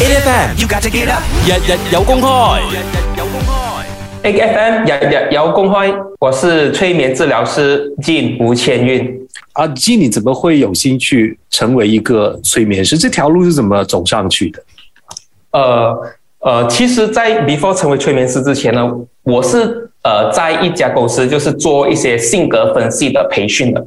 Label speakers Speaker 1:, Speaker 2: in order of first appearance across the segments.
Speaker 1: A F M you gotta get up，日日有
Speaker 2: 工開，A F M 日日有工開。我是催眠治療師，Jean 吳謙運。阿、啊、Jean，你怎麼會有興趣成為一個催眠師？這條路是怎麼走上去的？
Speaker 1: 呃，呃，其實，在 before 成為催眠師之前呢，我是，呃，在一家公司，就是做一些性格分析的培訓的。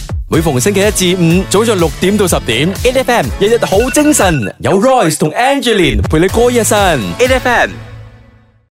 Speaker 2: 每逢星期一至五，早上六點到十
Speaker 3: 點，F M 日日好精神，有 Royce 同 Angela 陪你過一晨，F M。